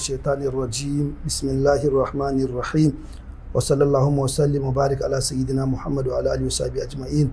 الشيطان الرجيم بسم الله الرحمن الرحيم وصلى اللهم وسلم وبارك على سيدنا محمد وعلى اله وصحبه اجمعين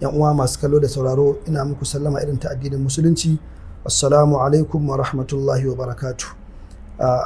yan uwa masu kallo da sauraro ina muku sallama irin ta addinin musulunci assalamu alaikum wa rahmatullahi wa barakatu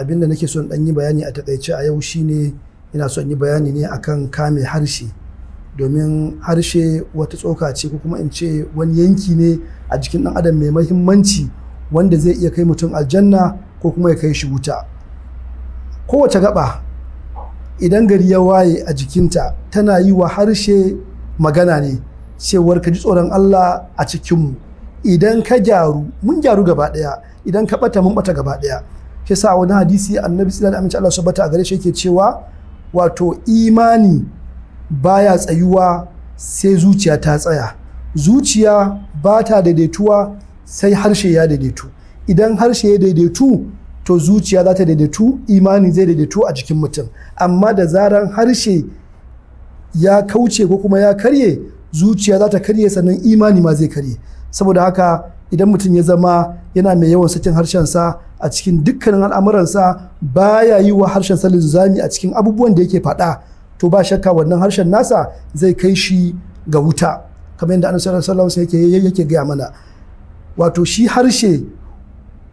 abin da nake son dan yi bayani a takaice a yau shine ina son yi bayani ne akan kame harshe domin harshe wata tsoka ce ko kuma in ce wani yanki ne a jikin dan adam mai mahimmanci wanda zai iya kai mutum aljanna ko kuma ya kai shi wuta kowace gaba idan gari ya waye a jikinta tana yi wa harshe magana ne cewar ka ji tsoron Allah a cikinmu idan ka gyaru mun gyaru gaba ɗaya idan ka bata mun bata gaba ɗaya ke sa wani hadisi annabi sallallahu alaihi Allah subhanahu a gare shi yake cewa wato imani baya tsayuwa sai zuciya ta tsaya zuciya ba ta daidaituwa sai harshe ya daidaitu idan harshe ya daidaitu to zuciya za ta daidaitu imani zai daidaitu a jikin mutum amma da zaran harshe ya kauce ko kuma ya karye zuciya za ta karye sannan imani ma zai karye saboda haka idan mutum ya zama yana mai yawan sakin harshen sa a cikin dukkanin al'amuransa baya yi wa harshensa linzami a cikin abubuwan da yake faɗa to ba shakka wannan harshen nasa zai kai shi ga wuta kamar yadda annabi sallallahu alaihi wasallam yake yake gaya mana wato shi harshe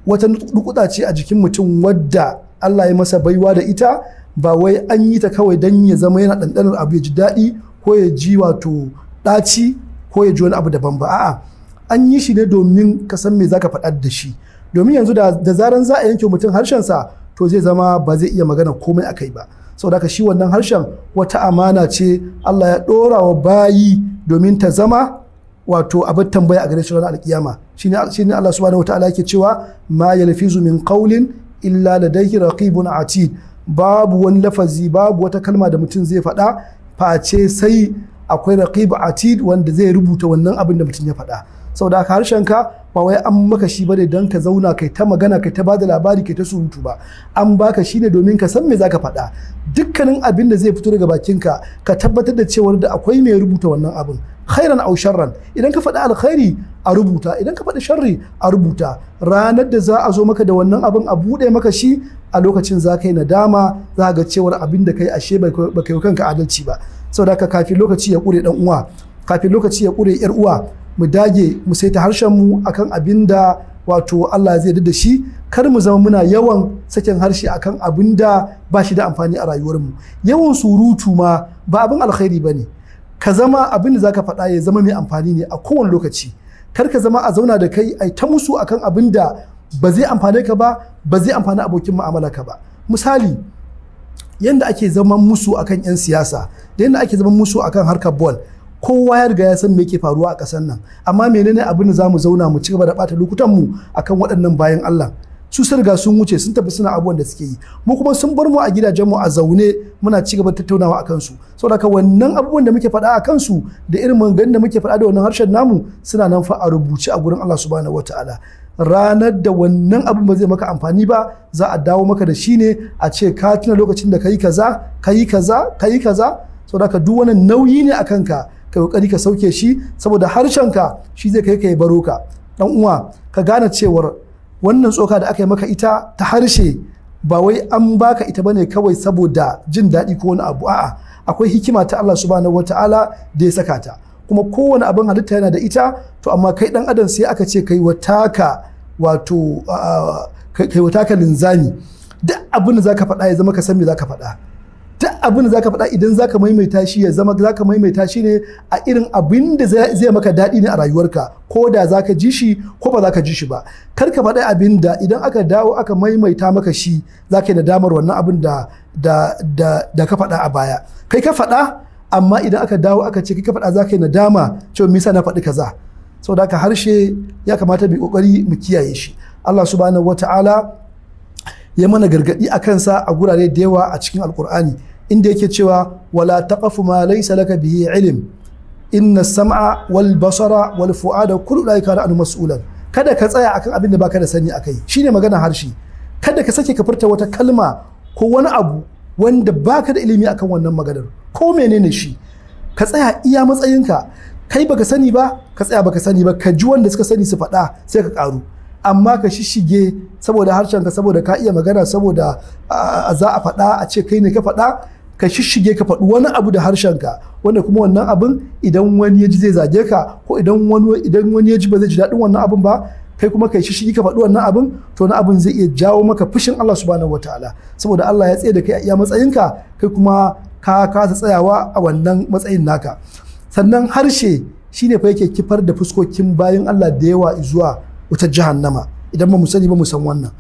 wata nukuda ce a jikin mutum wadda Allah ya masa baiwa da ita ba wai an yi ta kawai dan ya zama yana ɗanɗanar abu ya ji daɗi ko ya ji wato ɗaci ko ya ji wani abu daban ba a'a an yi shi ne domin ka san me zaka faɗa da shi domin yanzu da zaran za a yanke mutum harshen sa to zai zama ba zai iya magana komai a kai ba saboda ka shi wannan harshen wata amana ce Allah ya ɗora wa bayi domin ta zama wato abin tambaya a gare shi ranar alkiyama shine Allah subhanahu wataala yake cewa ma yalfizu min qawlin illa ladayhi raqibun atid babu wani lafazi babu wata kalma da mutum zai faɗa face sai akwai raqib atid wanda zai rubuta wannan abin da mutum ya faɗa saboda har harshen ka ba wai an maka shi ba bane dan ka zauna kai ta magana kai ta bada labari kai ta surutu ba an baka shi ne domin ka san me zaka faɗa dukkanin abin da zai fito daga bakinka ka tabbatar da cewa da akwai mai rubuta wannan abin khairan aw sharran idan ka faɗi alkhairi a rubuta idan ka faɗi sharri a rubuta ranar da za a zo maka da wannan abin a buɗe maka shi a lokacin za ka yi nadama za ga cewar abin da kai ashe ba ka kanka adalci ba saboda haka kafin lokaci ya kure ɗan uwa kafin lokaci ya kure yar uwa mu dage mu saita harshen mu akan abin da wato Allah zai da shi kar mu zama muna yawan sakin harshe akan abin da ba shi da amfani a rayuwarmu yawan surutu ma ba abin alkhairi ba ne ka zama abin da zaka faɗa ya zama mai amfani ne a kowane lokaci kar ka zama a zauna da kai a ta musu akan abin da ba zai amfane ka ba ba zai amfani abokin mu'amala ka ba misali yadda ake zama musu akan 'yan siyasa da yadda ake zama musu akan harkar bol kowa ya riga ya san me ke faruwa a ƙasar nan amma menene abin da za mu zauna mu ci gaba da ɓata lokutan mu akan waɗannan bayan Allah su sun riga sun wuce sun tafi suna abubuwan da suke yi mu kuma sun bar mu a gidajenmu a zaune muna ci gaba tattaunawa a kansu saboda ka wannan abubuwan da muke faɗa a kansu da irin maganganun da muke faɗa da wannan harshen namu suna nan fa a rubuce a gurin Allah subhanahu wataala ranar da wannan abin ba zai maka amfani ba za a dawo maka da shi ne a ce ka tuna lokacin da kayi kaza kayi kaza kayi kaza saboda duk wani nauyi ne a kanka ka kokari ka sauke shi saboda harshen ka shi zai kai ka ya baro ka dan uwa ka gane cewar wannan tsoka da aka yi maka ita ta harshe ba wai an baka ita bane kawai saboda jin daɗi ko wani abu a'a akwai hikima ta Allah subhanahu wataala da ya saka ta kuma kowane abin halitta yana da ita to amma kai dan adam sai aka ce kai wataka wato kai wataka linzami duk abin da zaka faɗa ya zama ka san me zaka faɗa duk abin da zaka faɗa idan zaka maimaita shi ya zama zaka maimaita shi ne a irin abin da zai maka daɗi ne a rayuwarka ko da zaka ji shi ko ba zaka ji shi ba kar ka faɗa abin da idan aka dawo aka maimaita maka shi zaka yi nadamar wannan abin da da ka faɗa a baya kai ka faɗa amma idan aka dawo aka ce kai ka faɗa zaka yi nadama cewa me yasa na faɗi kaza saboda haka harshe ya kamata mu kokari mu kiyaye shi Allah subhanahu wataala ya mana gargadi a kansa a gurare da yawa a cikin alkur'ani inda yake cewa wala taqafu ma laysa laka bihi ilm inna sam'a wal basara wal fu'ada kullu ulaika kana mas'ulan kada ka tsaya akan abin da baka da sani akai shine magana harshe kada ka sake ka furta wata kalma ko wani abu wanda baka da ilimi akan wannan maganar ko menene shi ka tsaya iya matsayinka kai baka sani ba ka tsaya baka sani ba ka ji wanda suka sani su faɗa sai ka ƙaru amma ka shishige saboda harshen ka saboda ka iya magana saboda za a faɗa a ce kai ne ka faɗa ka shishige ka faɗi wani abu da harshen ka wanda kuma wannan abin idan wani ya ji zai zage ka ko idan wani idan wani ya ji ba zai ji daɗin wannan abin ba kai kuma kai shishigi ka faɗi wannan abin to na abin zai iya jawo maka fushin Allah subhanahu wataala saboda Allah ya tsaye da kai a iya matsayinka kai kuma ka kasa tsayawa a wannan matsayin naka sannan harshe shine fa yake kifar da fuskokin bayin Allah da yawa zuwa wutar jahannama idan ba mu sani ba mu san wannan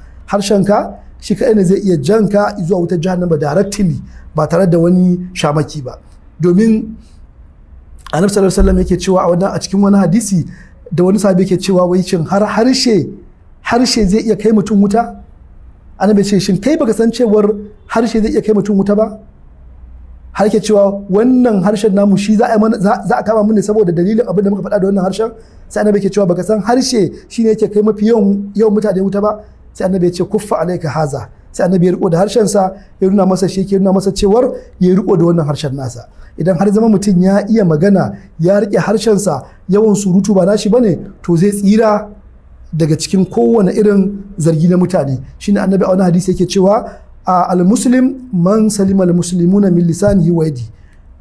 ka shi kaɗai ne zai iya janka zuwa wutar jahannama directly ba tare da wani shamaki ba domin annabi sallallahu alaihi yake cewa a wannan a cikin wani hadisi da wani sahabi yake cewa wai shin har harshe harshe zai iya kai mutum wuta annabi ce shin kai baka san cewar harshe zai iya kai mutum wuta ba har ke cewa wannan harshen namu shi za a kama mu saboda dalilin abin da muka faɗa da wannan harshen sai annabi ke cewa baka san harshe shine yake kai mafi yawan yawan mutane wuta ba sai annabi ya ce kuffa alaika haza sai annabi ya riko da harshen sa ya nuna masa shi ke nuna masa cewar ya riko da wannan harshen nasa idan har zama mutum ya iya magana ya rike harshen sa yawan surutu ba nashi bane to zai tsira daga cikin kowane irin zargi na mutane shine annabi a wani hadisi yake cewa al-muslim man salima al-muslimuna min lisanihi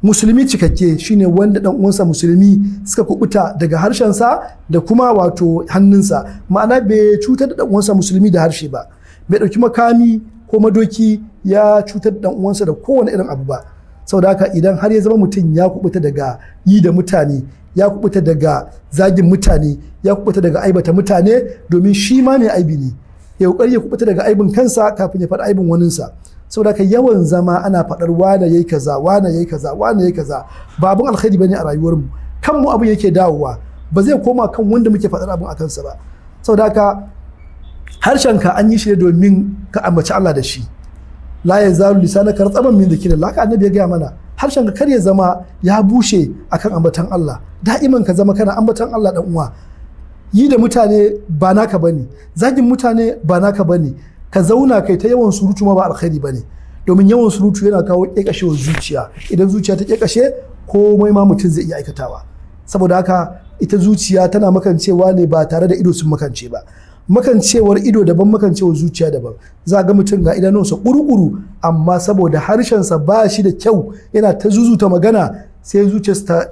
musulmi cikakke shine wanda dan uwansa musulmi suka kubuta daga harshensa da kuma wato hannunsa ma'ana bai cutar da dan uwansa musulmi da harshe ba bai dauki makami ko madoki ya cutar da dan uwansa da kowane irin abu ba saboda haka idan har ya zama mutum ya kubuta daga yi da mutane ya kubuta daga zagin mutane ya kubuta daga aibata mutane domin shi ma ne aibi ne ya kokari ya kubuta daga aibin kansa kafin ya faɗi aibin waninsa saboda ka yawan zama ana faɗar wane yayi kaza wane yayi kaza wane yayi kaza ba abun alkhairi bane a rayuwar mu kan mu abun yake dawowa ba zai koma kan wanda muke faɗar abun a kansa ba saboda ka, harshen ka an yi shi domin ka ambaci Allah da shi la yazalu lisanaka ratsaban min dhikrillah ka annabi ya gaya mana harshen ka kar ya zama ya bushe akan ambatan Allah da'iman ka zama kana ambatan Allah dan uwa yi da mutane ba naka bane zagin mutane ba naka bane ka zauna kai ta yawan surutu ma ba alkhairi ne domin yawan surutu yana kawo kekashewar zuciya idan zuciya ta kekashe komai ma mutum zai iya aikatawa saboda haka ita zuciya tana makancewa ne ba tare da ido sun makance ba makancewar ido daban makancewar zuciya daban za ga mutum ga idanunsa ƙuruƙuru amma saboda harshensa ba shi da kyau yana ta zuzuta magana sai zuciyarsa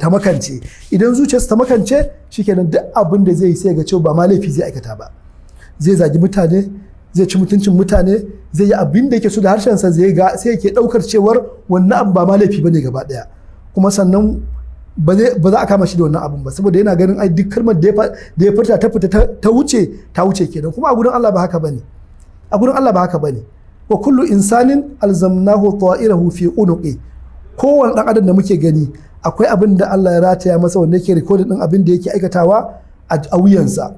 ta, makance idan zuciyarsa ta makance shikenan duk abin da zai sai ga cewa ba ma laifi zai aikata ba zai zagi mutane zai ci mutuncin mutane zai yi abin da yake so da harshensa zai ga sai yake daukar cewar wannan abu ba ma laifi bane gaba daya kuma sannan ba za a kama shi da wannan abun ba saboda yana ganin ai duk kalmar da ya furta ta fita ta wuce ta wuce kenan kuma a gurin Allah ba haka bane a gurin Allah ba haka bane wa kullu insanin alzamnahu ta'irahu fi unuqi kowane dan adam da muke gani akwai abin da Allah ya rataya masa wanda yake rikodin din abin da yake aikatawa a wuyansa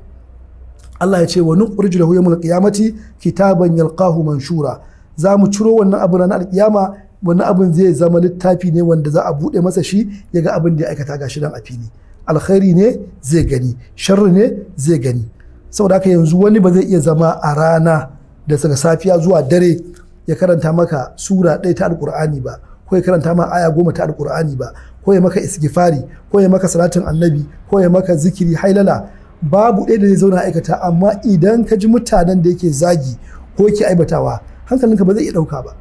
Allah ya ce wa nukhrij lahu yawmal qiyamati kitaban yalqahu manshura za mu ciro wannan abu ranar alkiyama wannan abin zai zama littafi ne wanda za a buɗe masa shi ya ga abin da ya aikata gashi dan a fili alkhairi ne zai gani sharri ne zai gani saboda haka yanzu wani ba zai iya zama a rana da daga safiya zuwa dare ya karanta maka sura ɗaya ta alkur'ani ba ko ya karanta ma aya goma ta alkur'ani ba ko ya maka istighfari ko ya maka salatin annabi ko ya maka zikiri hailala babu ɗaya da zai zauna aikata amma idan ka ji mutanen da yake zagi ko yake aibatawa hankalinka ba zai iya ɗauka ba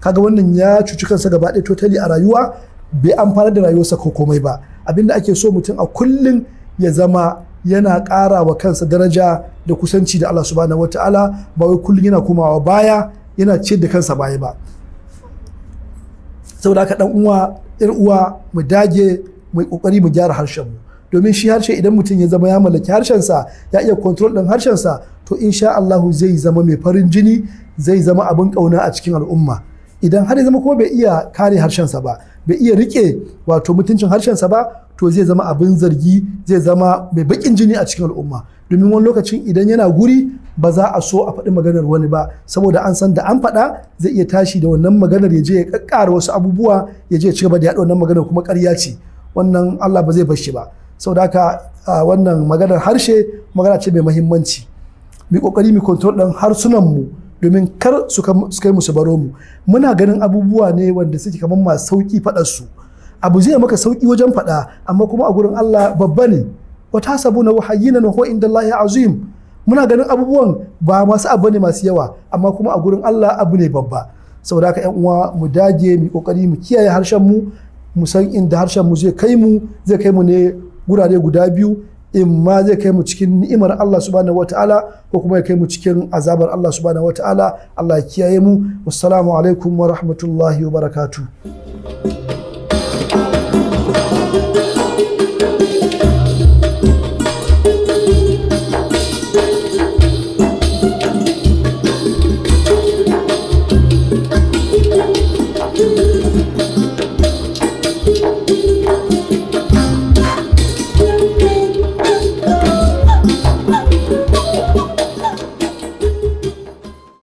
kaga wannan ya cuci kansa gaba ɗaya totali a rayuwa bai amfana da rayuwarsa ko komai ba abinda ake so mutum a kullum ya zama yana ƙara wa kansa daraja da kusanci da Allah subhanahu wataala ba wai kullum yana komawa baya yana ciyar da kansa baya ba saboda haka dan uwa yar uwa mu dage mu kokari mu gyara harshen mu domin shi harshe idan mutum ya zama ya mallaki harshen sa ya iya control din harshen sa to insha Allahu zai zama mai farin jini zai zama abin kauna a cikin al'umma idan har ya zama kuma bai iya kare harshen sa ba bai iya rike wato mutuncin harshen sa ba to zai zama abin zargi zai zama mai bakin jini a cikin al'umma domin wani lokacin idan yana guri ba za a so a faɗi maganar wani ba saboda an san da an faɗa zai iya tashi da wannan maganar ya je ya ƙaƙƙara wasu abubuwa ya je ya ci gaba da yaɗa wannan maganar kuma ƙarya ce wannan Allah ba zai bashi shi ba saboda haka wannan maganar harshe magana ce mai muhimmanci mu kokari mu control ɗin harsunan mu domin kar su kai mu su baro mu muna ganin abubuwa ne wanda suke kamar masu sauki faɗar su abu zai maka sauki wajen faɗa amma kuma a gurin Allah babba ne wa tasabuna na wahayyina na huwa inda Allah azim muna ganin abubuwan ba masu abu ne masu yawa amma kuma a gurin Allah abu ne babba saboda haka yan uwa mu dage mu kokari mu kiyaye harshen mu mu san inda harshen mu zai kai mu zai kai mu ne gurare guda biyu in ma zai kai mu cikin ni'imar Allah subhanahu wataala ko kuma ya kai mu cikin azabar Allah subhanahu wataala Allah ya kiyaye mu assalamu alaikum wa rahmatullahi wa barakatuh